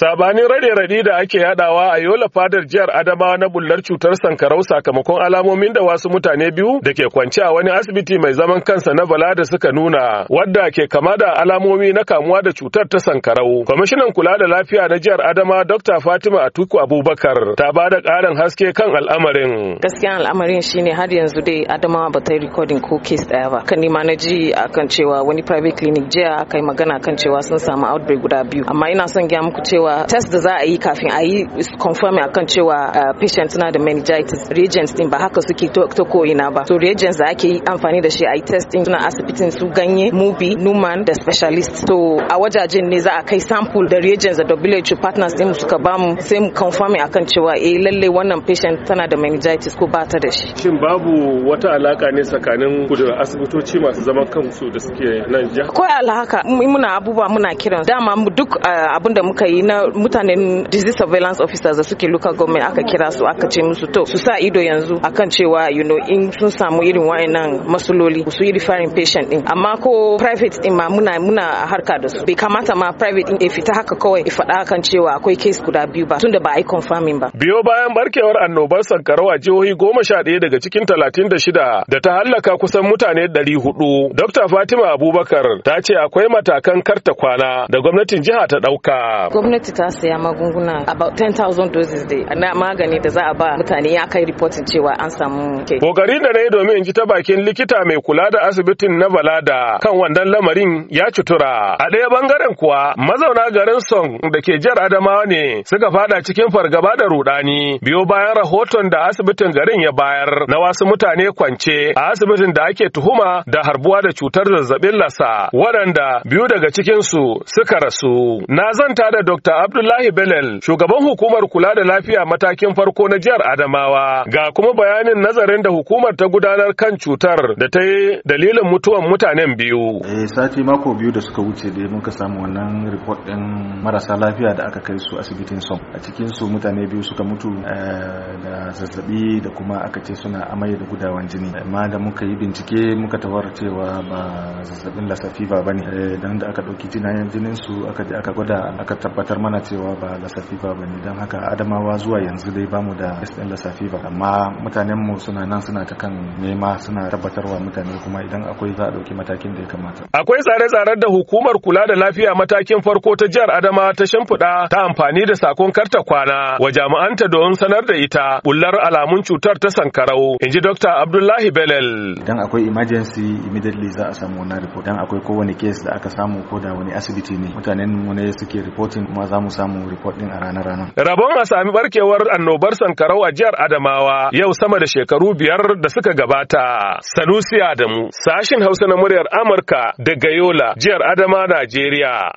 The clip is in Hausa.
Sabanin rade-rade da ake yadawa a yola fadar jihar Adamawa na bullar cutar sankarau sakamakon alamomin da wasu mutane biyu da ke kwance a wani asibiti mai zaman kansa na bala da suka nuna wadda ke kama da alamomi na kamuwa da cutar ta sankarau. Kwamishinan kula da lafiya na jihar Adama Dr. Fatima Atuku Abubakar ta ba da ƙarin haske kan al'amarin. Gaskiya al'amarin shine har yanzu dai Adamawa ba ta yi rikodin ko case ɗaya ba. Kan nima na ji akan cewa wani private clinic jiya aka yi magana kan cewa sun samu outbreak guda biyu. Amma ina son gaya muku cewa cewa test da za a yi kafin a yi confirm akan cewa uh, patient na da meningitis reagents din ba haka suke to ta ina ba so reagents da ake yi amfani da shi a yi test din suna asibitin su ganye mubi numan da specialist to a wajajen ne za a kai sample da reagents da WHO partners din suka ba mu sai mu confirm akan cewa eh lalle wannan patient tana da meningitis ko ba ta da shi shin babu wata alaka ne tsakanin ku da asibitoci masu zaman kansu da suke nan jiha ko alhaka muna abubuwa muna kiran dama duk uh, abin da muka yi na mutanen disease surveillance officers da suke local government aka kira su aka ce musu to su sa ido yanzu akan cewa you know in sun samu irin wayannan masuloli su yi referring patient din amma ko private din ma muna muna harka da su bai kamata ma private din ya fita haka kawai ya faɗa kan cewa akwai case guda biyu ba tunda ba a yi confirming ba biyo bayan barkewar annobar sankarau a jihohi goma sha ɗaya daga cikin talatin da shida da ta hallaka kusan mutane ɗari hudu dr fatima abubakar ta ce akwai matakan karta kwana da gwamnatin jiha ta ɗauka gwamnati gwamnati ta saya magunguna about 10,000 doses dai na magani da za a ba mutane ya kai reportin cewa an samu ke. Kokari da yi domin in ji ta bakin likita mai kula da asibitin na Balada kan wannan lamarin ya cutura. A ɗaya bangaren kuwa mazauna garin Song da ke jihar Adamawa ne suka fada cikin fargaba da rudani biyo bayan rahoton da asibitin garin ya bayar na wasu mutane kwance a asibitin da ake tuhuma da harbuwa da cutar zazzabin lasa waɗanda biyu daga cikinsu suka rasu. Na zanta da Dr. Abdullahi Belal, shugaban hukumar kula da lafiya matakin farko na jihar Adamawa. Ga kuma bayanin nazarin da hukumar ta gudanar kan cutar da ta yi dalilin mutuwan mutanen biyu. Eh sati mako biyu da suka wuce dai muka samu wannan report din marasa lafiya da aka kai su asibitin Som. A cikin su mutane biyu suka mutu eh, da zazzabi da kuma aka ce suna amai da gudawan jini. Amma da muka yi bincike muka tawar cewa ba zazzabin lasafi ba bane. Eh, dan da aka dauki jinayen jinin su aka je aka gwada aka tabbatar mana cewa ba lasafifa ba ne don haka adamawa zuwa yanzu dai bamu da ɗin lasafifa amma mutanen mu suna nan suna ta kan nema suna tabbatarwa mutane kuma idan akwai za a ɗauki matakin da ya kamata. Akwai tsare-tsaren da hukumar kula da lafiya matakin farko ta jihar Adama ta shimfiɗa ta amfani da sakon karta kwana wa jami'anta don sanar da ita bullar alamun cutar ta sankarau in ji Dr. Abdullahi Belel. Idan akwai emergency immediately za a samu wannan report. Idan akwai kowane case da aka samu ko da wani asibiti ne mutanen mu ne suke reporting kuma za za mu samu report din a ranar ranar. Rabon a sami barkewar annobar sankarau a jihar Adamawa yau sama da shekaru biyar da suka gabata. Sanusi Adamu, sashin Hausa na muryar Amurka daga Yola, jihar Adama, Najeriya.